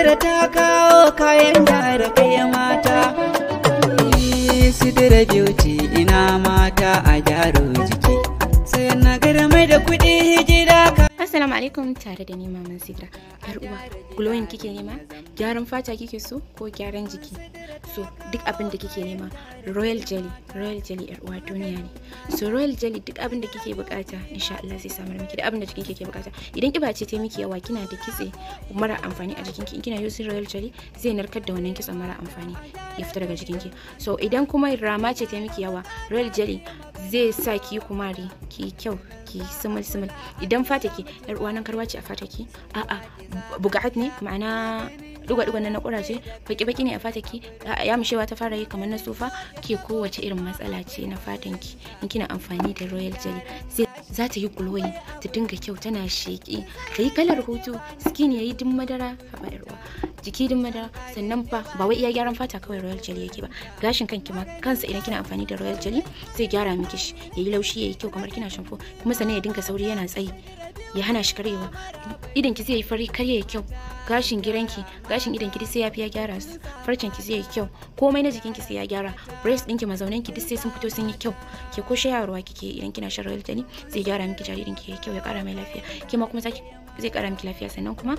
sidira ta kawo kayan da kai mata eh, sidira beauty ina mata a gyaro jiki sai na gara mai da kuɗi hijira Assalamu alaikum tare da nima man sidra. Yar uwa, glowing kike nema? Gyaran fata kike so ko gyaran jiki? So, duk abin da kike nema, Royal Jelly, Royal Jelly yar uwa duniya ne. So Royal Jelly duk abin da kike bukata, insha Allah sai samar miki da abin da jikin ke bukata. Idan kiba ce ta miki yawa kina da kitse mara amfani a jikinki, in kina using Royal Jelly zai narkar da wannan kitsen mara amfani ya fita daga jikinki. So idan kuma rama ce ta miki yawa, Royal Jelly zai sa ki kumari, ki kyau, ki sumul sumul idan fataki yar uwanan karwa ce a fataki a'a bugaat ne ma'ana duga duga na kuraje baki baki ne a fataki ya mushewa ta fara yi kamar na sofa ke kowace irin matsala ce na ki, in kina amfani da royal jelly sai za ta yi glowing ta dinga kyau tana sheki ta yi kalar hutu skin yayi duk madara yar uwa jiki din madara sannan fa ba wai iya gyaran fata kawai royal jelly yake ba gashin kanki ma kansa idan kina amfani da royal jelly zai gyara miki shi yayi laushi yayi kyau kamar kina shampo kuma sannan ya dinka sauri yana tsayi ya hana shi karyewa idan ki zai yi fari karye ya kyau gashin giranki gashin idan ki sai ya fi ya gyara su farcen ki zai yi kyau komai na jikin ki sai ya gyara breast ɗinki mazaunin ki duk sai sun fito sun yi kyau ke ko shayarwa kike idan kina shan royal jelly zai gyara miki jaririn ki kyau ya kara mai lafiya kima kuma zai kara miki lafiya sannan kuma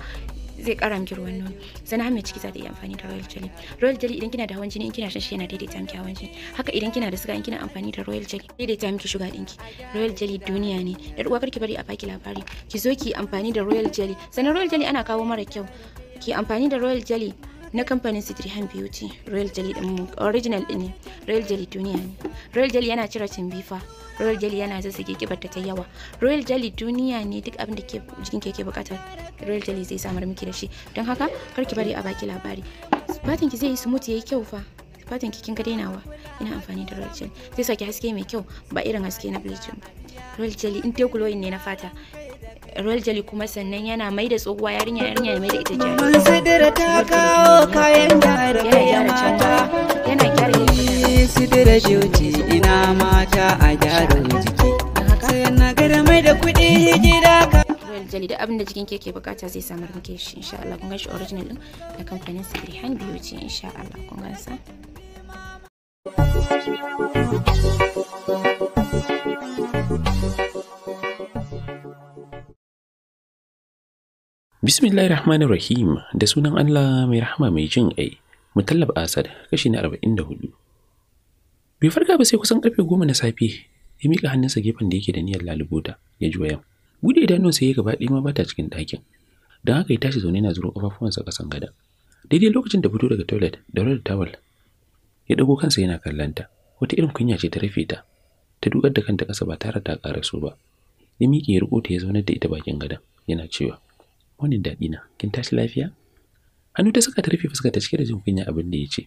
zai kara miki ruwan nono sannan har mai ciki za ta iya amfani da royal jelly royal jelly idan kina da hawan jini in kina shan shi yana daidaita miki hawan jini haka idan kina da suga in kina amfani da royal jelly daidaita miki shuga dinki royal jelly duniya ne da uwa karki bari a baki labari ki zo ki amfani da royal jelly sannan royal jelly ana kawo mara kyau ki amfani da royal jelly na kamfanin Citrihan Beauty Royal Jelly din original din ne Royal Jelly Duniya ne Royal Jelly yana cire cimbifa Royal Jelly yana zazzage kibar ta yawa Royal Jelly Duniya ne duk abin da ke jikin ke ke bukata Royal Jelly zai samar miki da shi don haka kar ki bari a baki labari fatan ki zai yi smooth yayi kyau fa fatan ki kin ga dainawa ina amfani da Royal Jelly zai saki haske mai kyau ba irin haske na bleaching ba Royal Jelly in dai glowing ne na fata royal jelly kuma sannan yana mai da tsohuwa yarinya yarinya ya mai da ita jari mun sidira ta kawo kayan da yana gyara sidira a gyara jiki sai na gara mai da abin da jikin ke bukata zai samar muke shi insha Allah kun shi original din da kamfanin Sidri Hand Beauty insha Allah kun Bismillahir Rahmanir Rahim da sunan Allah mai rahama mai jin ƙai. Mutallab Asad kashi na 44. Bai farka ba sai kusan karfe 10 na safe. Ya mika hannunsa gefen da yake da niyyar lalubuta ya ji wayan. Bude sai ya gaba ɗima ma bata cikin ɗakin. Don haka ya tashi zaune yana zuro ƙafafuwansa ƙasan gada. Daidai lokacin da fito daga toilet da da tawul. Ya dago kansa yana kallanta. Wata irin kunya ce ta rufe ta. Ta dukar da kanta ƙasa ba tare ta ƙara so ba. Ya miƙe ya riko ta ya zaunar da ita bakin gadon. yana cewa wani daɗi na kin tashi lafiya hannu ta saka ta rufe fuska ta cike da jin kunya abin da ya ce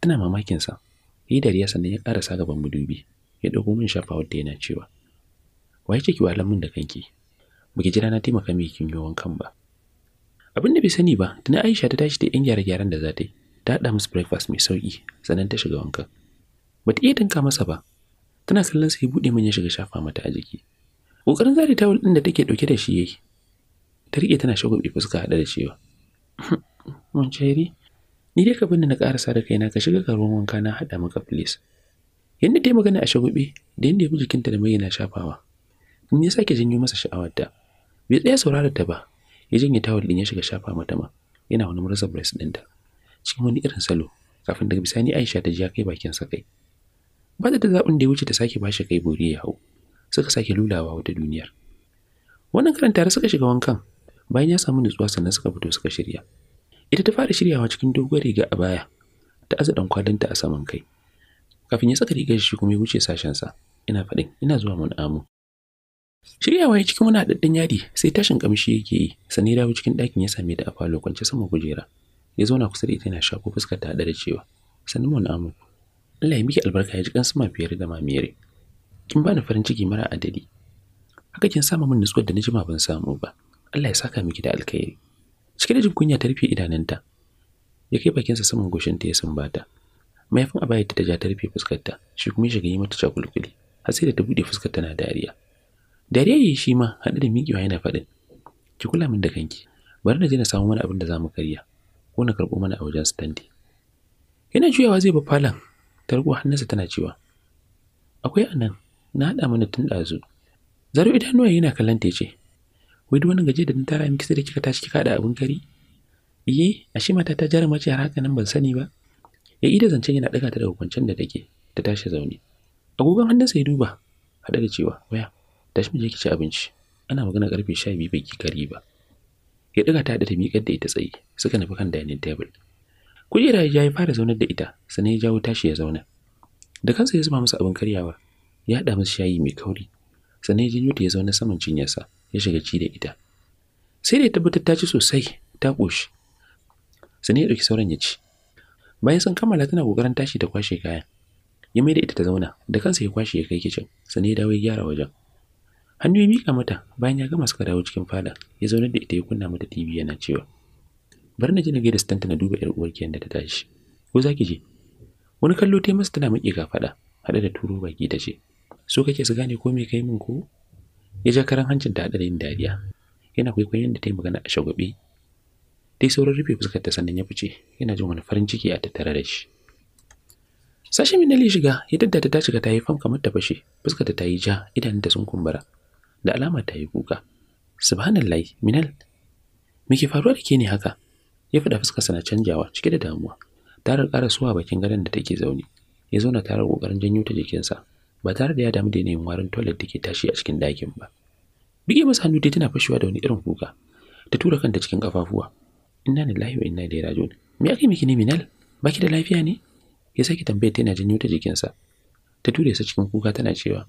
tana mamakin sa yi dariya sannan ya sa gaban mudubi ya ɗauko min shafawar da yana cewa wa ce ki walan min da kanki baki jira na taimaka miki kin yi wankan ba abin da bai sani ba tana Aisha ta tashi da yan gyare-gyaren da za ta yi ta haɗa musu breakfast mai sauƙi sannan ta shiga wanka. ba ta iya tanka masa ba tana kallon sai buɗe min ya shiga shafa mata a jiki ƙoƙarin zare tawul ɗin da take ɗauke da shi ya yi. ta riƙe tana shagwabi fuska haɗe da cewa hm, mun ceri ni dai ka da na ƙarasa da kaina ka shiga ka wanka na haɗa maka filis. yadda ta yi magana a shagwabi da yadda ya bi jikinta da mai yana shafawa in ya sake janyo masa sha'awarta bai tsaya saurara ta ba ya janye tawul ɗin ya shiga shafa mata ma yana wani murza bres ɗinta cikin wani irin salo kafin daga bisani Aisha ta ji ya kai bakin sa kai. Ba da zaɓin da ya wuce ta sake bashi kai bori ya hau, suka sake lulawa wata duniyar. Wannan karan tare suka shiga wankan, bayan ya samu nutsuwa sannan suka fito suka shirya ita ta fara shiryawa cikin doguwar riga a baya ta aza dan a saman kai kafin ya saka rigar shi kuma ya wuce sashen sa ina faɗin ina zuwa mun amu shiryawa ya cikin wani haɗaɗɗen yadi sai tashin kamshi yake yi sani ya dawo cikin dakin ya same ta a falo kwance sama kujera ya zauna kusa da ita yana shafo fuskar ta da cewa sannan mun amu Allah ya miki albarka ya ji kan sama fiye da mamiyar kin bani farin ciki mara adadi haka kin sama min nutsuwar da na jima ban samu ba Allah ya saka miki da alkhairi cike da jin kunya ta rufe idanunta ya kai bakinsa saman goshinta ya sumbata mayafin abaya ta ja ta rufe fuskarta shi kuma shiga yi mata cakulkuli har sai da ta bude fuskar tana dariya dariya yayi shi ma haɗe da miƙewa yana faɗin ki kula min da kanki bari na je na samu mana abin da zamu karya ko na karɓo mana a wajen standi yana juyawa zai ba falon ta riƙo hannunsa tana cewa akwai anan na haɗa mana tun ɗazu zaro idanuwa yana kallon ta ce wai duk wani gaje da tara miki sai da kika tashi kika da abin kari iye ashe mata ta jaruma ce har haka nan ban sani ba ya ida zancen yana daga ta daga kwancen da take ta tashi zaune agogon hannun sai duba hada da cewa waya tashi mu je ki ci abinci ana magana karfe 12 bai ki kari ba ya daga ta da ta miƙar da ita tsaye suka nufi kan dining table kujera ya yi fara zaunar da ita sannan ya jawo tashi ya zauna da kansa ya zuba musu abin karyawa ya haɗa musu shayi mai kauri sannan ya janyo ta ya zauna saman cinyarsa ya shiga ci da ita sai da ya tabbatar ta ci sosai ta ƙoshi sani ya ɗauki sauran ya ci bayan sun kammala tana ƙoƙarin tashi ta kwashe kayan ya mai da ita ta zauna da kansa ya kwashe ya kai kicin sani ya dawo ya gyara wajen hannu ya miƙa mata bayan ya gama suka dawo cikin fada ya zaunar da ita ya kunna mata tv yana cewa bari na ji na gaida stanta na duba yar uwar da ta tashi ko za ki je wani kallo ta masa tana miƙe ga faɗa haɗe da turo baki ta ce so kake su gane ko me kai min ko ya ja karan hancin ta hadarin yin dariya yana kwaikwayon da ta yi magana a shagwabe dai sauran rufe fuskar ta sannan ya fice yana jin wani farin ciki a tattare da shi Sashen min ya shiga ya daddata ta shiga ta yi fam kamar ta fashe fuskar ta yi ja ta sun kumbura da alama ta yi kuka subhanallahi minal me ke faruwa da ke ne haka ya faɗa sa na canjawa cike da damuwa tarar karasuwa suwa bakin gadon da take zaune ya zauna tarar kokarin janyo ta jikinsa ba tare da ya damu da yanayin warin toilet da ke tashi a cikin ɗakin ba. Bige masa hannu dai tana fashewa da wani irin kuka, ta tura kanta cikin kafafuwa. Inna lillahi wa inna ilaihi raji'un. Me ake yi miki ne Minal? Baki da lafiya ne? Ya sake tambayar ta yana janyo ta jikinsa. Ta ture sa cikin kuka tana cewa,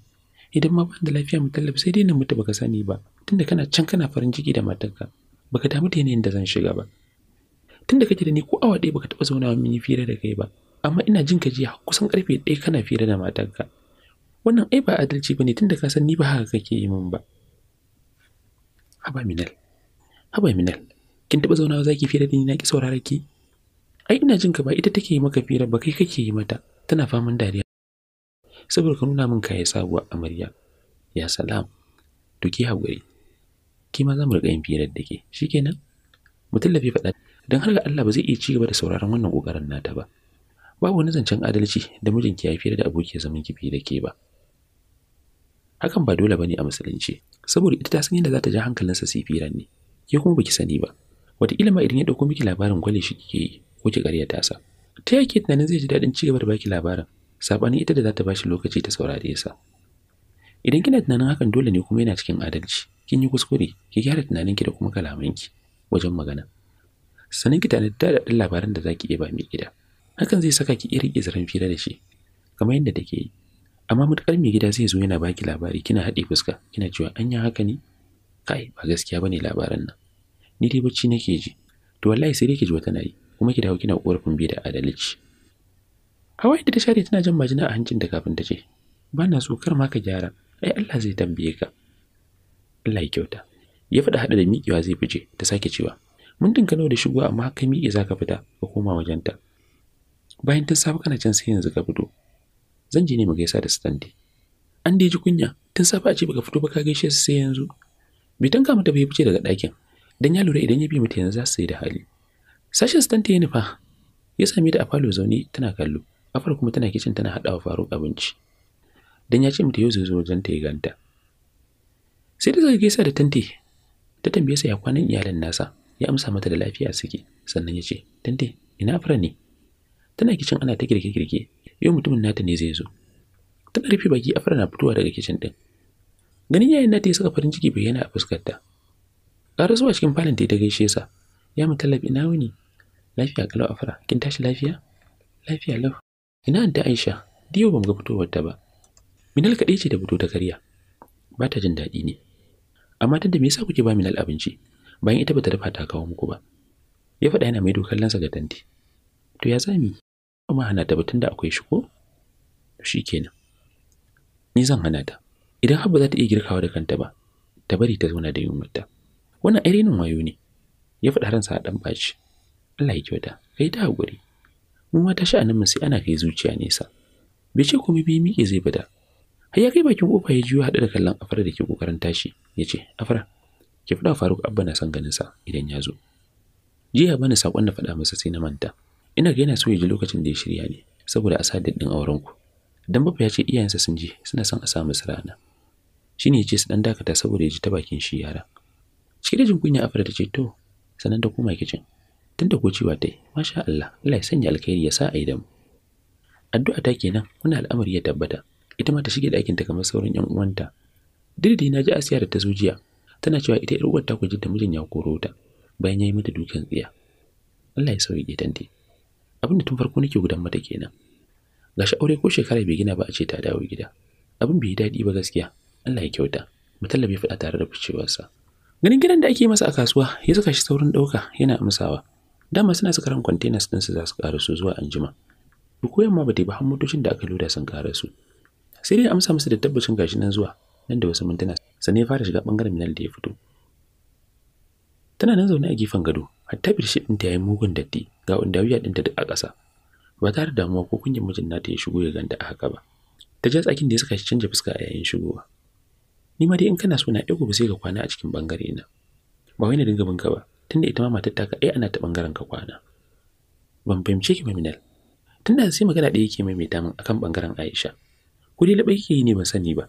Idan ma ban da lafiya mu tallafi sai dai na mutu baka sani ba, tunda kana can kana farin ciki da matarka, baka damu da yanayin da zan shiga ba. Tunda kake da ni ko awa ɗaya baka taɓa zaunawa mini fira da kai ba, amma ina jin ka jiya kusan karfe ɗaya kana fira da matarka. wannan ai ba adalci bane tunda ka san ni ba haka kake yi min ba haba minal haba minal kin taba zaunawa zaki fira da ni na ki saurara ki ai ina jin ka ba ita take yi maka fira ba kai kake yi mata tana faman dariya saboda ka nuna min kaya sabuwa amarya ya salam to ki haƙuri ki ma za mu riƙa yin firar da ke shikenan mu lafi faɗa don har ga Allah ba zai iya cigaba da sauraron wannan ƙoƙarin nata ba babu wani zancen adalci da mijinki ya fira da abokiyar zaman ki fira ke ba hakan ba dole bane a musulunci saboda ita ta san yadda za ta ja hankalinsa su firan ne ke kuma baki sani ba wataƙila ma idan ya ɗauko miki labarin gwale shi kike yi ko ki ƙaryata sa ta yake tunanin zai ji daɗin ci gaba da baki labarin saɓanin ita da za ta bashi lokaci ta saurare sa idan kina tunanin hakan dole ne kuma yana cikin adalci kin yi kuskure ki gyara tunaninki da kuma ki, wajen magana sanin ki tanadi da daɗin labarin da za ki iya ba mai gida hakan zai saka ki iri riƙe fira da shi kamar yadda take yi amma mutakar mai gida zai zo yana baki labari kina haɗe fuska kina cewa an yi haka ne kai ba gaskiya bane labaran nan ni dai bacci nake ji to wallahi sai dai ki ji wata nayi kuma ki dawo kina korafin bi da adalci hawa da ta share tana jan majina a hancin da kafin ta ce ba na so kar ma ka gyara ai Allah zai tambaye ka Allah ya kyauta ya faɗa haɗa da miƙewa zai fice ta sake cewa mun dinka nawa da shigo amma kai miƙe zaka fita ka koma wajenta bayan ta safa kana can sai yanzu ka fito zan je ne mu gaisa da standi an dai ji kunya tun safe a ce baka fito ba ka gaishe su sai yanzu bai tanka mata bai fice daga ɗakin dan ya lura idan ya bi mata yanzu za su yi da hali sashen standi ya nufa ya same ta a falo zaune tana kallo afar kuma tana kicin tana haɗawa faruk abinci dan ya ce mu yau zai zo wajen ta ya ganta sai da zaga gaisa da tante ta tambaye sa ya kwanan iyalan nasa ya amsa mata da lafiya suke sannan ya ce tante ina fara ne tana kicin ana ta girke-girke yau mutumin nata ne zai zo tana rufe baki afra na fitowa daga kicin din ganin yayin nata ya saka farin ciki bayyana a fuskarta ƙara zuwa cikin falon ta gaishe sa ya mu tallafi, ina wuni lafiya kalau afra kin tashi lafiya lafiya lau ina anta aisha diyo bamu ga fitowar ta ba minal kaɗai ce da fito ta karya ba ta jin daɗi ne amma tunda me yasa kuke ba minal abinci bayan ita bata dafa ta kawo muku ba ya faɗa yana mai dokar lansa ga tanti to ya zami kuma hana ta batun da akwai shi ko shi shikenan ni zan hana ta idan har ba za ta iya girkawa da kanta ba ta bari ta zauna da yunwata wannan irinin wayo ne ya faɗa ransa a ɗan baci Allah ya kyauta kai ta hakuri. mu ma ta sha'anin mu sai ana kai zuciya nesa bai ce komai bai miƙe zai bada har ya kai bakin kofa ya juyo haɗe da kallon afar da ke kokarin tashi ya ce afar ki faɗa faruk abba na san ganin sa idan ya zo jiya bani sakon da faɗa masa sai na manta ina ga yana so ya ji lokacin da ya shirya ne saboda a sa auren ku dan bafa ya ce iyayensa sun je suna son a sa musu rana shine ya ce su dan dakata saboda ya ji ta bakin shi yara cike da jin kunya afra ta ce to sanan da koma kicin tunda ko cewa tai masha Allah Allah ya sanya alkhairi ya sa a yi da mu addu'a ta kenan muna al'amari ya tabbata ita ma ta shige dakin ta kamar sauran 'yan uwanta didi na ji Asiya da ta zo jiya tana cewa ita ƴar uwar ta kuji da mijin ya koro ta bayan ya yi mata dukan tsiya Allah ya sauke ta abin da tun farko nake gudan mata kenan gashi aure ko shekara bai gina ba a ce ta dawo gida abin bai yi daɗi ba gaskiya Allah ya kyauta bai faɗa tare da ficewarsa ganin gidan da ake masa a kasuwa ya saka shi saurin ɗauka yana amsawa dama suna sakaran containers ɗinsu za su karasu zuwa anjima ko yamma ba ta yi ba har motocin da aka loda sun karasu sai dai amsa musu da tabbacin gashi nan zuwa nan da wasu mintuna sannan ya fara shiga bangaren minal da ya fito tana nan zaune a gefen gado hatta bedsheet ɗinta ya yi mugun datti ga ya ɗinta duk a ƙasa ba ta da damuwa ko kunyar mijin nata ya shigo ya ganta a haka ba ta ji tsakin da ya saka shi canja fuska a yayin shigowa ni ma dai in kana so na ɗago ba sai ka kwana a cikin bangare na ba wai na dinga binka ba tunda ita ma matar ta ka ana ta bangaren ka kwana ban fahimce ki maminal. minal tunda sai magana ɗaya yake maimaita min akan bangaren Aisha ko dai labai yake yi ne ban sani ba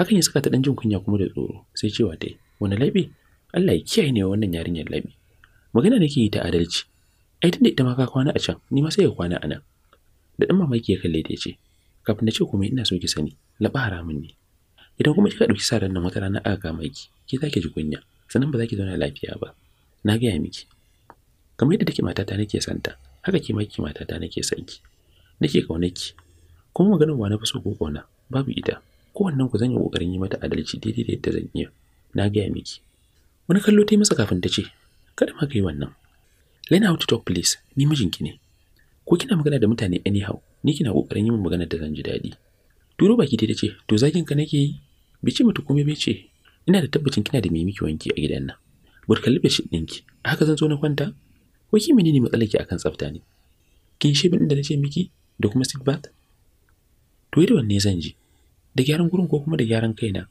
hakan ya saka ta dan jin kunya kuma da tsoro sai cewa dai wani laɓe Allah ya kiyaye ne wannan yarinyar laɓe magana nake yi ta adalci ai tunda ita ma ka kwana a can ni ma sai ka kwana a nan da dan mamaki ya kalle ta ce kafin na ce kuma ina so ki sani laba haramun ne idan kuma kika dauki saran nan wata rana aka kama ki ki zaki ji kunya sannan ba za ki zauna lafiya ba na gaya miki kamar yadda take matata nake santa haka ke maki matata nake sanki nake kaunaki kuma maganar wa na fi so ko kauna babu ita kowannen ku zan yi kokarin yi mata adalci daidai da yadda zan iya na gaya miki wani kallo ta yi masa kafin ta ce kada ma ka yi wannan learn how to talk please ni mijinki ne ko kina magana da mutane anyhow ni kina kokarin yin magana da zan ji daɗi turo baki ta ce to zakin ka nake yi bici mutu kuma bai ce ina da tabbacin kina da mai miki wanki a gidan nan burkalli da shi ɗinki haka zan zo na kwanta ko ki menene matsalar ki akan tsafta ne kin shi bin da nace miki da kuma sit bath to da wanne zan ji da gyaran gurin ko kuma da gyaran kaina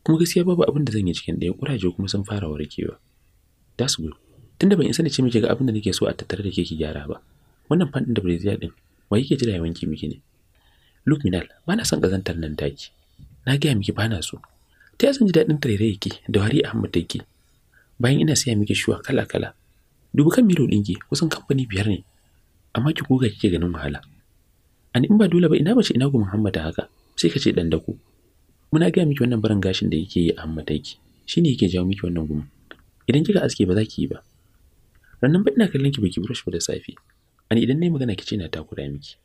kuma gaskiya babu abin da zan yi cikin ɗaya kuraje kuma sun fara warkewa su goyo Tunda ban isa da ce miki ga abin da nake so a tattare da ke ki gyara ba. Wannan fadin da Brazil din, wa yake jira yawan ki miki ne? Luke Minal, ba na son kazantar nan taki. Na gaya miki ba na so. Ta yasan ji daɗin tare yake da wari a Ahmad take. Bayan ina siya miki shuwa kala-kala. Dubu kan miro ɗinki kusan kamfani biyar ne. Amma ki goga kike ganin wahala. An in ba dole ba ina bace ina gu Muhammad haka. Sai ka ce dan dako. Muna gaya miki wannan barin gashin da yake yi a Ahmad take. Shine yake jawo miki wannan gumi idan kika aske ba za ki yi ba rannan ba ina kallon ki baki brush ba da safe ani idan nayi magana kice na takura miki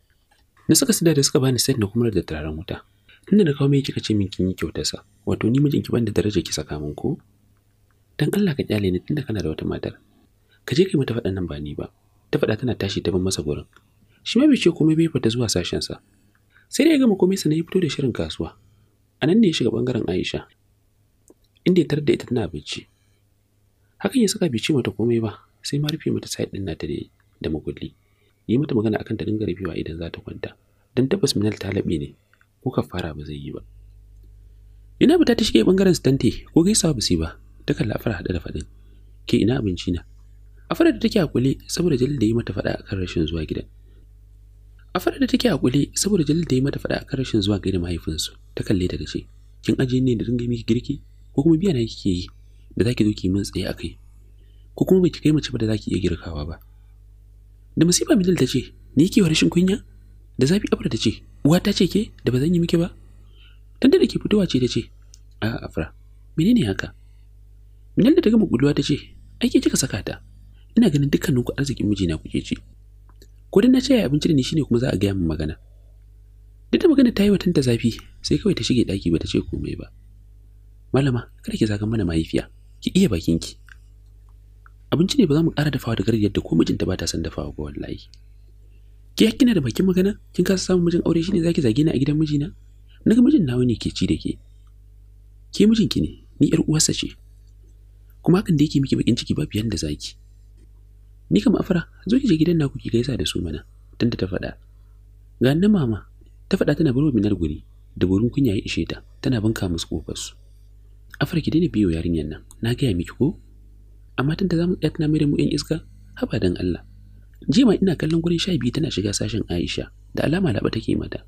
na saka sida da suka bani set na kuma da turaren wuta tunda na kawo mai kika ce min kin yi kyauta sa wato ni mijinki ban da daraja ki saka min ko dan Allah ka kyale ni tunda kana da wata matar ka je kai mata faɗan nan ba ni ba ta faɗa tana tashi ta ban masa gurin shi ma bai ce komai bai fita zuwa sashen sa sai dai ya gama komai sa ne fito da shirin kasuwa a nan ne ya shiga bangaren Aisha inda ya tarar da ita tana bacci hakan ya saka bai ce mata komai ba sai ma rufe mata side din nata da da mugulli yi mata magana akan ta dinga rufewa idan za ta kwanta dan tabbas minal ta labe ne ko kafara ba zai yi ba ina bata ta shige bangaren stante ko gaisawa ba sai ba ta kalla hada da fadin ke ina abinci na afar da take hakuri saboda jalil da yi mata fada akan rashin zuwa gidan afar da take hakuri saboda jalil da yi mata fada akan rashin zuwa gida mahaifinsu ta kalle ta ce kin ajiye ne da dinga miki girki ko kuma biya na kike yi da zaki zo ki min tsaye a kai. ko kuma baki kai mace ba da zaki iya girkawa ba da musiba mi ta ce ni ke wa rashin kunya da zafi Afra ta ce uwa ta ce ke da ba zan yi miki ba dan da ke fitowa ce ta ce a Afra menene haka Bilal da ta gama guduwa ta ce aike kika saka ta ina ganin dukkanin ku arzikin mijina kuke ci ko dan na ce abinci da ni shine kuma za a ga min magana duk da magana ta yi watan ta zafi sai kawai ta shige daki ba ta ce komai ba malama kada ki zaga mana mahaifiya ki iya bakin ki abinci ne ba za mu ƙara dafawa da gari yadda ko mijinta ba ta son dafawa ba wallahi ki kina da bakin magana kin kasa samun mijin aure shine zaki zage ni a gidan mijina naga mijin nawa ne ke ci da ke ke mijinki ne ni yar uwarsa ce kuma hakan da yake miki bakin ciki ba biyan da zaki ni kam afara zo ki je gidan naku ki gaisa da su mana tunda ta faɗa ga nan mama ta faɗa tana barwa minar guri da burin kunya ya ishe ta tana banka musu kofar su afar ki daina biyo yarinyar nan na gaya miki ko amma tunda zamu tsaya tana mai da mu yan iska haba dan Allah jima ina kallon gurin sha biyu tana shiga sashen Aisha da alama laba take mata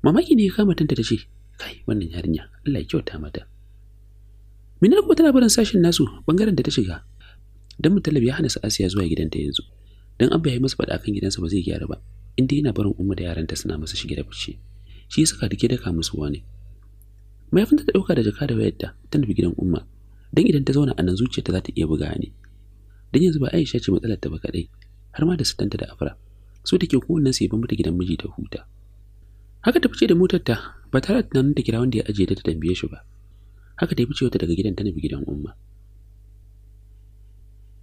mamaki ne ya kama tanta ta ce kai wannan yarinya Allah ya kyauta mata Mina kuma tana barin sashen nasu bangaren da ta shiga dan mu ya hana su Asiya zuwa gidanta yanzu dan abba ya masa fada kan gidansa ba zai gyara ba inda yana barin umma da yaranta suna masa shige da fice shi ya saka dake daka musu wani mayafinta ta ɗauka da jaka da wayarta ta nufi gidan umma don idan ta zauna a nan zuciyarta za ta iya buga ne don yanzu ba aisha ce matsalar ta ba kaɗai har ma da sutanta da afra so take wannan su ban mata gidan miji ta huta haka ta fice da motar ta ba tare da tunanin ta kira da ya ajiye ta ta tambaye shi ba haka ta fice wata daga gidan ta nufi gidan umma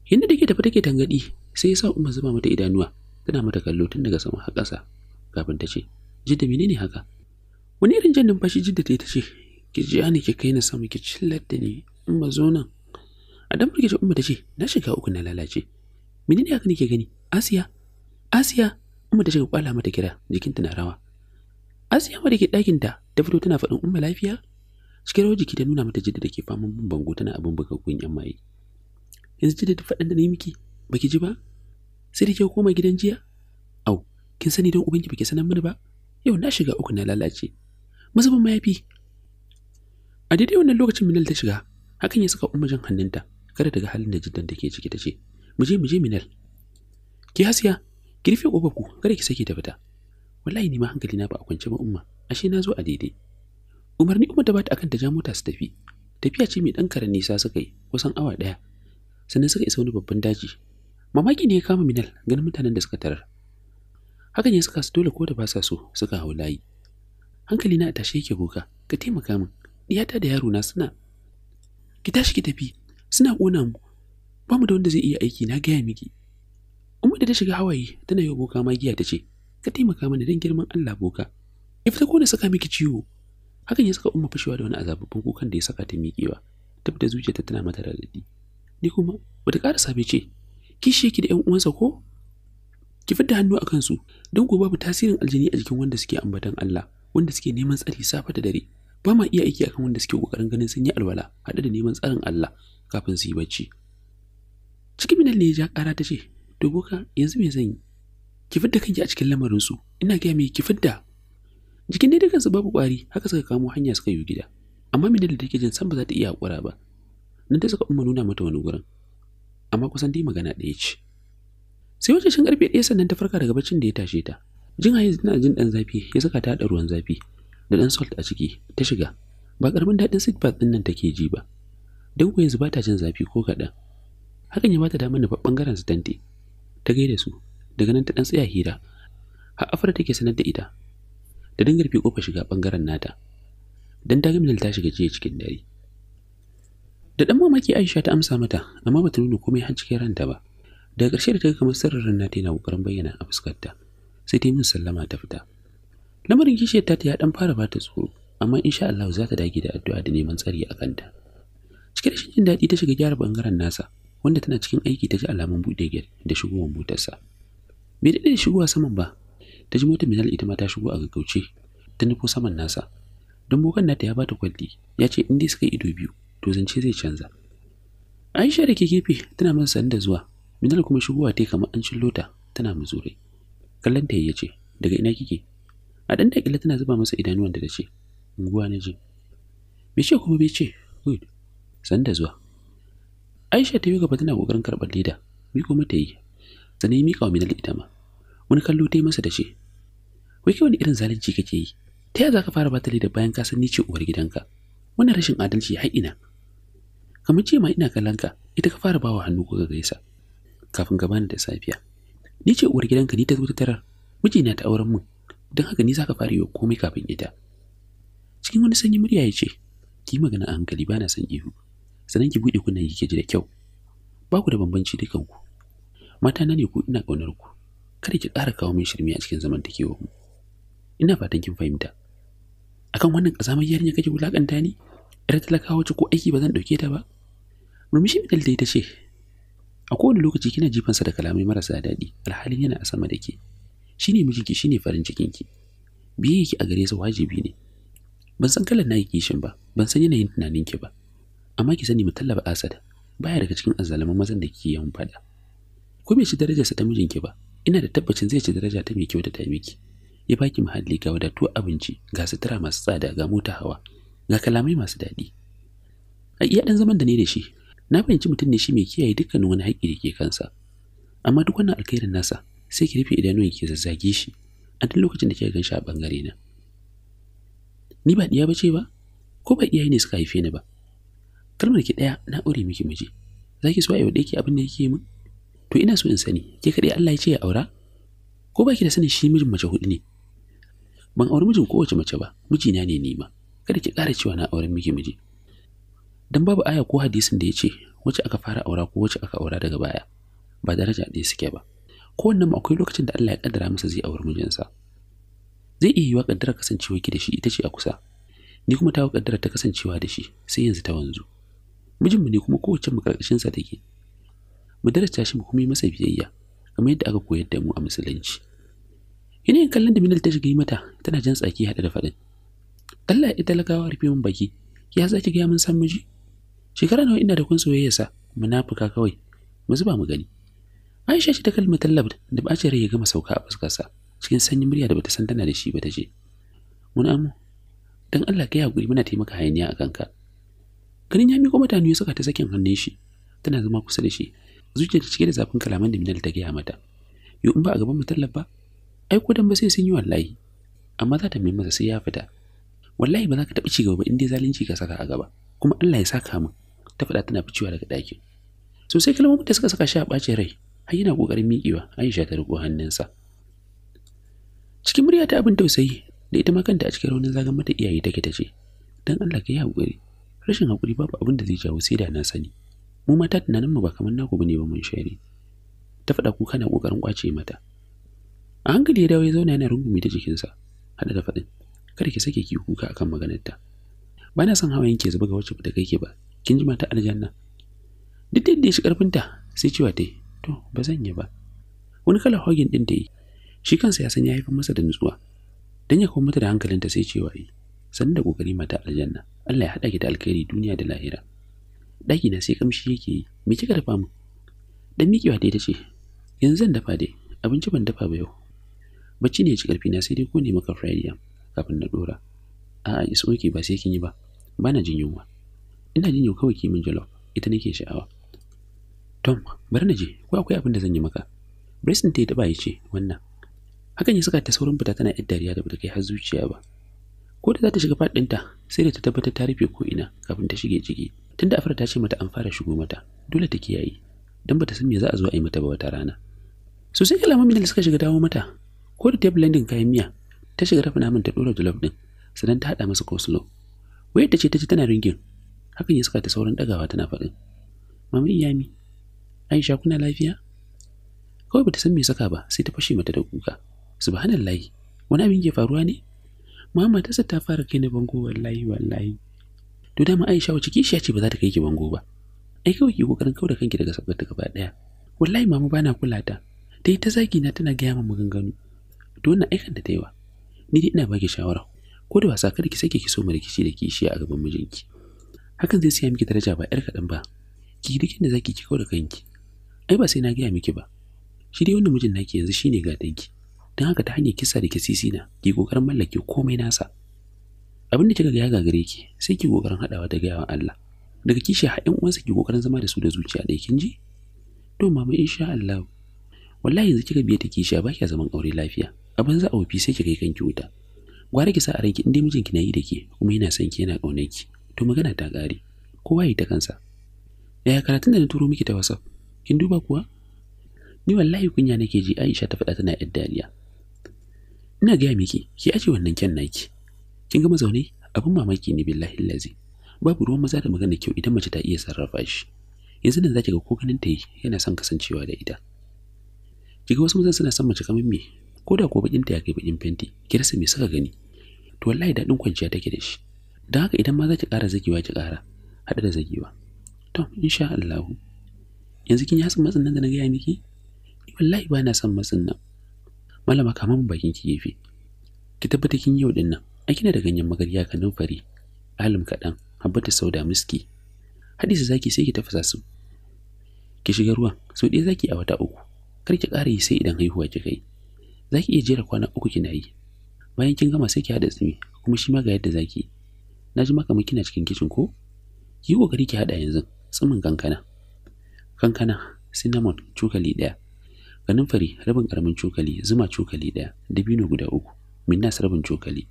yanda take tafi take tangadi sai yasa umma zuba mata idanuwa tana mata kallo tun daga sama har ƙasa kafin ta ce jidda menene haka wani irin jan numfashi jidda ta ce ki ja ni ki kai na sama ki cillar da ni in ba zo nan a dan burge umma ta ce na shiga uku na lalace ne haka nake gani asiya asiya umma ta ce kwala mata kira jikinta na rawa asiya ma da ke ɗakin ta ta fito tana faɗin umma lafiya cikin rawar jiki ta nuna mata jidda da ke faman bin bango tana abin buga kun yan maye yanzu jidda ta faɗin da na yi miki baki ji ba sai da ke koma gidan jiya au kin sani don ubanki baki sanar mini ba yau na shiga uku na lalace mazubin mayafi a daidai wannan lokacin minal ta shiga hakan ya saka umma jan hannunta kada daga ga halin da jiddan ke ciki ta mu je mu je minal ki hasiya ki rufe kofar kada ki sake ta fita wallahi ni ma hankali na ba a kwance ba umma ashe na zo a daidai umarni umma ta bata akan ta ja mota su tafi tafiya ce mai dan karen nisa suka yi kusan awa daya sannan suka isa wani babban daji mamaki ne ya kama minal ganin mutanen da suka tarar hakan ya saka su dole ko da ba sa so suka hau layi hankali na a tashe yake kuka ka taimaka min diyata da yaro na suna ki tashi ki tafi suna kona mu ba mu da wanda zai iya aiki na gaya miki umma da ta shiga hawaye tana yi boka giya ta ce ka taimaka mana don girman Allah boka ki fita ko saka miki ciwo hakan ya saka umma fashewa da wani azababin kukan da ya saka ta miƙewa ta fita zuciyarta tana mata raɗaɗi ni kuma bata ƙara sabe ce kishi ki da 'yan uwansa ko ki fidda hannu a kansu don gobe babu tasirin aljini a jikin wanda suke ambatan Allah wanda suke neman tsari safa da dare ba ma iya aiki akan wanda suke kokarin ganin sun yi alwala haɗe da neman tsarin Allah kafin su yi bacci cikin minan ne ja ƙara ta ce to boka yanzu me zan yi ki fidda kanki a cikin lamarin su ina gaya mai ki fidda jikin dai dukansu babu ƙwari haka suka kamo hanya suka yi gida amma minal da take jin san ba za ta iya haƙura ba nan ta suka umma nuna mata wani gurin amma kusan dai magana ɗaya ce sai wacce shin karfe ɗaya sannan ta farka daga baccin da ya tashe ta jin hayi tana jin ɗan zafi ya saka ta haɗa ruwan zafi da ɗan salt a ciki ta shiga ba ƙaramin daɗin sit bath ɗin nan take ji ba duk yanzu ba ta jin zafi ko kaɗan hakan ya bata damar nufa ɓangaren su tante ta gaida su daga nan ta ɗan tsaya hira har afar take sanar da ita da dangar fi ƙofa shiga ɓangaren nata dan ta gamil ta shiga jiya cikin dare da ɗan mamaki aisha ta amsa mata amma bata nuna komai har cikin ranta ba daga ƙarshe da ta ga kamar sirrin nata yana ƙoƙarin bayyana a fuskarta sai ta yi min sallama ta fita Lamarin kishiyar ta ya dan fara bata tsoro, amma insha Allah za ta dage da addu'a da neman tsari a kanta. Cikin rashin jin daɗi ta shiga gyara bangaren nasa, wanda tana cikin aiki ta ji alamun buɗe gyar da shigowar motarsa. Bai daɗe da shigowa saman ba, ta ji motar Minal ita ma ta shigo a gaggauce, ta nufo saman nasa. Don bokan nata ya bata kwalli, ya ce in dai suka ido biyu, to zance zai canza. Aisha da ke gefe tana min sanda zuwa, Minal kuma shigowa ta kamar an cin lota, tana muzurai. Kallon ta ya ce, daga ina kike? a ɗan daƙila tana zuba masa idanuwan da ta ce unguwa na je me ce kuma bai ce good san da zuwa aisha ta yi gaba tana ƙoƙarin karɓar leda mi kuma ta yi sannan ya miƙa wa minal ita ma wani kallo ta yi masa da ce wai kai wani irin zalunci kake yi ta yaya za ka fara bata leda bayan ka san ni ce uwar gidanka wannan rashin adalci har ina kamar ce ma ina kallon ka ita ka fara bawa hannu ko gaisa kafin gabani da safiya ni ce uwar gidanka ni ta zo ta tarar mijina ta auren mu. don haka ni zaka fara yi komai kafin ita cikin wani sanyi murya ya ce ki magana a hankali bana son ihu sanan ki buɗe kunnen kike ji da kyau ba ku da bambanci dukan ku mata na ne ku ina kaunar ku kada ki ƙara kawo min shirme a cikin zamantakewa mu ina fatan kin fahimta akan wannan ƙazamar yarinya kake wulakanta ni yar talakawa ce ko aiki ba zan ɗauke ta ba murmushi mai dai ta ce a kowane lokaci kina jifansa da kalamai marasa daɗi alhalin yana a sama da ke shine mijinki shine farin cikin ki biye ki a gare sa wajibi ne ban san kalan nayi kishin ba ban san yanayin tunanin ki ba amma ki sani ba asada baya daga cikin azzalaman mazan da kike yawan fada ko bai ci sa ta mijinki ba ina da tabbacin zai ci daraja ta mai kyau da ta miki ya baki muhalli ga wadatuwar abinci ga sutura masu tsada ga mota hawa ga kalamai masu daɗi a iya ɗan zaman da ne da shi na fahimci mutum ne shi mai kiyaye dukkanin wani haƙƙi da ke kansa amma duk wannan alkhairin nasa sai ki rufe idanuwan ki zazzage shi a duk lokacin da kika gan a bangare na ni ba diya bace ba ko ba iyaye ne suka haife ni ba kalmar ki daya na aure miki miji zaki so a yau ki abin da yake min to ina so in sani ke kadai Allah ya ce ya aura ko baki da sanin shi mijin mace hudu ne ban aure mijin kowace mace ba na ne ni ma kada ki kara cewa na aure miki miji dan babu aya ko hadisin da ya ce wacce aka fara aura ko wacce aka aura daga baya ba daraja ɗaya suke ba kowanne mu akwai lokacin da Allah ya kaddara masa zai aure mijinsa zai iya yiwa kaddara kasancewa ki da shi ita ce a kusa ni kuma ta kaddara ta kasancewa da shi sai yanzu ta wanzu mijinmu ne kuma kowace mu karkashin sa take mu darasta shi mu kuma yi masa biyayya kamar yadda aka koyar da mu a musulunci ina yin kallon da minal ta shiga yi mata tana jan tsaki hada da faɗin Allah ya talakawa rufe min baki ya za ki ga mun san miji shekara nawa ina da kun soyayya sa munafuka kawai mu zuba mu gani Aisha ce ta kalma labd da ba rai ya gama sauka a fuskarsa cikin sanyin murya da bata san tana da shi ba ta ce. Mun amu, don Allah ka yi haƙuri muna taimaka hayaniya a kanka. Ganin ya miƙo mata ya saka ta sakin hannun shi tana zama kusa da shi zuciyar ta cike da zafin kalaman da Minal ta gaya mata. Yau in ba a gaban mutallab ba, ai ko dan ba sai sun yi wallahi. Amma za ta mai masa sai ya fita. Wallahi ba za ka taɓa cigaba ba in dai zalunci ka saka a gaba. Kuma Allah ya saka min. Ta faɗa tana ficewa daga ɗakin. Sosai kalmomin da suka saka shi a ɓacin rai har yana kokarin miƙewa Aisha ta riƙo hannunsa. Cikin murya ta abin tausayi da ita ma kanta a cikin raunin zagan mata iyaye take ta ce, "Dan Allah ka yi hakuri! rashin hakuri babu abin da zai jawo sai da na sani. Mu mata tunanin mu ba kamar naku bane ba mun share." Ta faɗa kuka na ƙoƙarin kwace mata. A hankali ya dawo ya zauna yana rungume ta jikinsa, haɗa da faɗin, "Kada ki sake ki kuka akan maganarta." Ba na son hawa ke zuba ga wacce ba ta ke ba, kin ji mata aljanna. Duk da ya shi ƙarfinta sai cewa ta to ba zan yi ba wani kalar hogin din da yi shi kansa ya san ya haifar masa da nutsuwa dan ya kawo mata da hankalinta sai cewa yi eh, san da kokari mata aljanna Allah ya hada ki da alkhairi duniya da lahira daki na sai kamshi yake yi me kika dafa mu dan mikewa dai tace yanzu zan dafa dai abinci ban dafa ba yau bacci ne ya ci karfi na sai dai ko ne maka fried kafin na dora a'a is okay ba sai kin yi ba bana jin yunwa ina jin yau kawai ki min jollof ita nake sha'awa Tom, bari na je, ko akwai abin da zan yi maka. Bracing ta yi taba ya ce, wannan. Hakan ya saka ta saurin fita tana yadda dariya da ba ta kai har zuciya ba. Ko da za ta shiga faɗinta, sai da ta tabbatar ta rufe ko ina kafin ta shige ciki. Tunda Afra ta ce mata an fara shigo mata, dole ta kiyaye. Dan bata san me za a zo a yi mata ba wata rana. So sai kalaman da suka shiga dawo mata. Ko da ta blending kayan miya, ta shiga rafa namun ta ɗora jollof din, sannan ta haɗa masa coslo. Wayar ta ce ta ce tana ringin. Hakan ya saka ta saurin dagawa tana faɗin. Mama Iyami, Aisha kuna lafiya? Kawai bata san me saka ba sai ta fashe mata da kuka. Subhanallahi, wani abin ke faruwa ne? Mama ta ta fara kai na bango wallahi wallahi. To dama Aisha wace kishiya ce ba za ta kai ki bango ba. Ai kawai ki kokarin kauda kanki daga sabbar ta gaba daya. Wallahi mama bana kula ta. Ta yi ta zagi na tana gaya yamma maganganu. To wannan aikan da ta yi wa. Ni dai ina baki shawara. Ko da wasa kada ki sake ki so mu rikici da kishiya a gaban mijinki. Hakan zai siya miki daraja ba 'yar kaɗan ba. Ki dukin da zaki ki kauda kanki. ai ba sai na gaya miki ba shi dai wannan mijin naki yanzu shine ga danki dan haka ta hanyar kisa da kisisi na ki kokarin mallake komai nasa abin da kika ga ya gagare ki sai ki kokarin hadawa da gayawa Allah daga kishi ha ƴan uwansa ki kokarin zama da su da zuciya ɗaya kin ji to mama insha Allah wallahi yanzu kika biye ta kishi ba ki zaman aure lafiya abin za a wofi sai ki kai kanki wuta gware ki sa a ranki indai mijinki na yi da ke kuma yana son ki yana ƙaunar ki to magana ta ƙare kowa yi ta kansa yaya karatun da na turo miki ta WhatsApp kin duba kuwa ni wallahi kunya nake ji Aisha ta faɗa tana yar dariya ina ga miki ki aje wannan kyan naki kin ga mazauni abin mamaki ne billahi lazi babu ruwan maza da magana kyau idan mace ta iya sarrafa shi yanzu nan zaki ga ko ganin ta yi. yana son kasancewa da ita kiga wasu mazan suna son mace kamar me ko da ko bakin ta ya kai bakin fenti ki rasa me suka gani to wallahi dadin kwanciya take da shi dan haka idan ma zaki ƙara zagewa ki ƙara hada da zagewa to insha Allah yanzu kin yi hatsin matsin nan da na gaya miki wallahi ba na son matsin nan malama kama min bakin ki gefe ki tabbata kin yau din nan ai kina da ganyen magarya ka numfari alim kaɗan habbata da miski hadisi zaki sai ki tafasa su ki shiga ruwan Sau ɗaya zaki a wata uku kar ki ƙara yi sai idan haihuwa kika yi zaki iya jera kwana uku kina yi bayan kin gama sai ki haɗa tsimi kuma shi ma ga yadda zaki na ji maka kina cikin kicin ko ki yi ƙoƙari ki haɗa yanzu tsimin kankana kankana cinnamon cokali ɗaya fari, rabin ƙaramin cokali zuma cokali ɗaya dabino guda uku minnas rabin cokali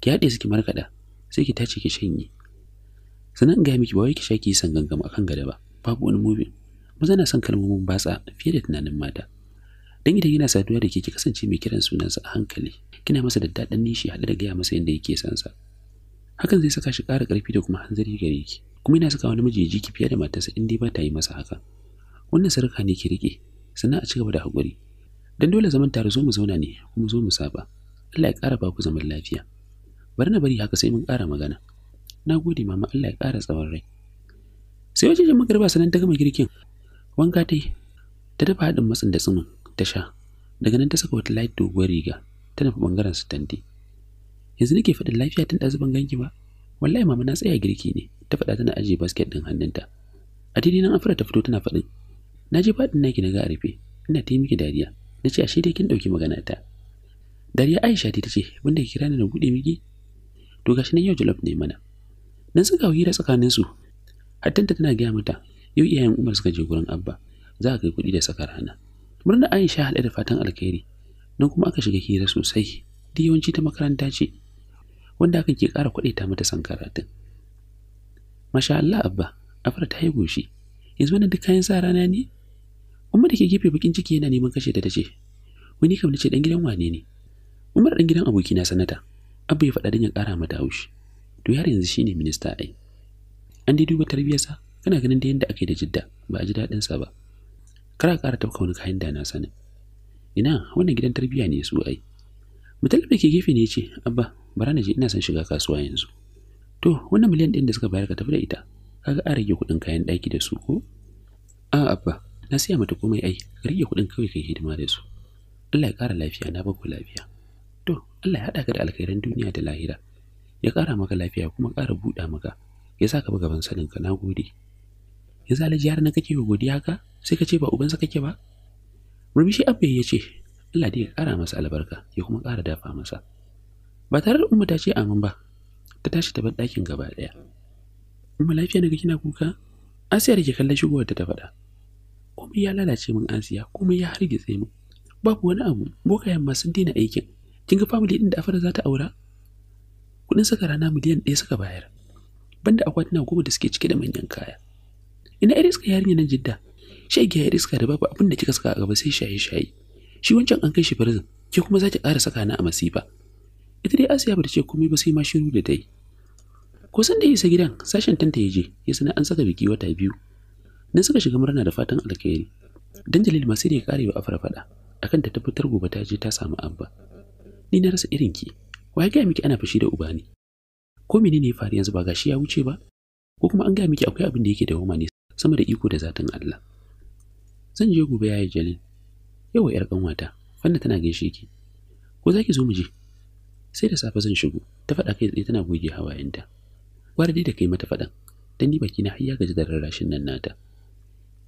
ki haɗe su ki markaɗa sai ki tace ki shanye sannan gaya miki ba wai ki sha ki yi sangangam akan gada ba babu wani mubin maza na son kalmomin batsa fiye da tunanin mata dan idan yana saduwa da ke ki kasance mai kiran sunansa a hankali kina masa da daɗin nishi haɗe da gaya masa yadda yake son sa hakan zai saka shi ƙara ƙarfi da kuma hanzari gare ki kuma yana saka wani miji ki fiye da matarsa in dai ba ta yi masa hakan wannan sarka ne ke rike sannan a ci da haƙuri dan dole zaman tare zo mu zauna ne kuma zo mu saba Allah ya ƙara ba ku zaman lafiya bari na bari haka sai mun ƙara magana na gode mama Allah ya ƙara tsawon rai sai wajen magarba sanan ta gama girkin wanka ta ta dafa haɗin matsin da tsumin ta sha daga nan ta saka wata light doguwar riga ta nufi bangaren su tanti yanzu nake faɗin lafiya tun ɗazu ban ganki ba wallahi mama na tsaya girki ne ta faɗa tana ajiye basket ɗin hannunta a daidai nan afira ta fito tana faɗin na ji faɗin naki na ga a rufe ina ta yi miki dariya na ce ashe dai kin ɗauki magana ta dariya aisha ta ce wanda ki kira ni na buɗe miki to gashi nan yau jalof ne mana nan suka hira tsakanin su hattanta tana gaya mata yau iyayen umar suka je gurin abba za a kai kuɗi da saka rana murna aisha haɗe da fatan alkhairi nan kuma aka shiga hira sosai da yawanci ta makaranta ce wanda aka ke ƙara ta mata san karatun masha Allah abba afra ta haihu shi yanzu wannan duk kayan sa rana ne umar da ke gefe bakin ciki yana neman kashe ta tace wani kam ce dan gidan wane ne umar dan gidan abokina sanata abba ya faɗa dan ya ƙara mata haushi to yar yanzu shine minista ai an dai duba tarbiyarsa kana ganin da yanda ake da jidda ba a ji daɗin sa ba kara ƙara tafka wani kayan da na sani. ina wannan gidan tarbiya ne su ai mutum da ke gefe ne ya ce abba bara na je ina son shiga kasuwa yanzu to wannan miliyan ɗin da suka bayar ka tafi da ita kaga a rage kuɗin kayan ɗaki da su ko a abba na siya mata komai ai ka rike kuɗin kawai kai hidima da su Allah ya ƙara lafiya na baku lafiya to Allah ya haɗa ka da alkhairan duniya da lahira ya ƙara maka lafiya kuma ƙara buɗa maka ya sa ka bi gaban saninka na gode ya zala jihar na kake wa godiya ka sai ka ce ba ubansa kake ba murmushi abu ya ce Allah dai ya ƙara masa albarka ya kuma ƙara dafa masa ba tare da umma ta ce amin ba ta tashi ta bar ɗakin gaba ɗaya umma lafiya na kina kuka asiya da ke kallon shigowar ta ta faɗa komai ya lalace min an siya komai ya hargitse min babu wani abu bokayen ma sun daina aikin kin ga family din da afara za ta aura kudin saka rana miliyan ɗaya suka bayar banda akwatina goma da suke cike da manyan kaya ina iriska yarinya nan jidda Shi ga ya iska da babu abin da kika saka a gaba sai shaye shaye shi wancan an kai shi prison ke kuma za ki ƙara saka na a masifa ita dai asiya ba ta ce komai ba sai ma shiru da dai ko san da ya isa gidan sashen tanta ya je ya sana an saka biki wata biyu nan suka shiga murna da fatan alkhairi dan jalil ma sai da ya karewa afra faɗa akan ta tabbatar gobe ta je ta samu abba ni na rasa irin ki wa ya miki ana fashi da uba ne ko menene ya faru yanzu ba gashi ya wuce ba ko kuma an ga miki akwai abin da yake da homa ne sama da iko da zatin Allah zan je gobe yayi jalil yawa yar kanwata fanna tana gaishe ki ko zaki zo mu je sai da safe zan shigo ta faɗa kai tsaye tana goge hawayenta gwara dai da kai mata faɗan dan ni baki na har ya gaji da rarrashin nan nata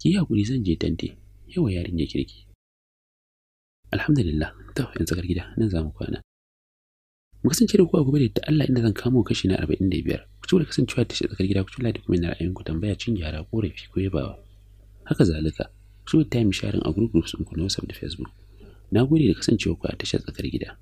ki yi hakuri zan je dande yawa ya kirki alhamdulillah to yan tsakar gida nan za mu kwana mu kasance da kowa a gobe da ta Allah inda zan kamo kashi na 45 ku ci da kasancewa da shi tsakar gida ku ci da kuma na ra'ayin ku tambaya cin gyara korafi ko yabawa haka zalika ku tura time sharing a group groups ku na WhatsApp da Facebook na gode da kasancewa ku a tashar tsakar gida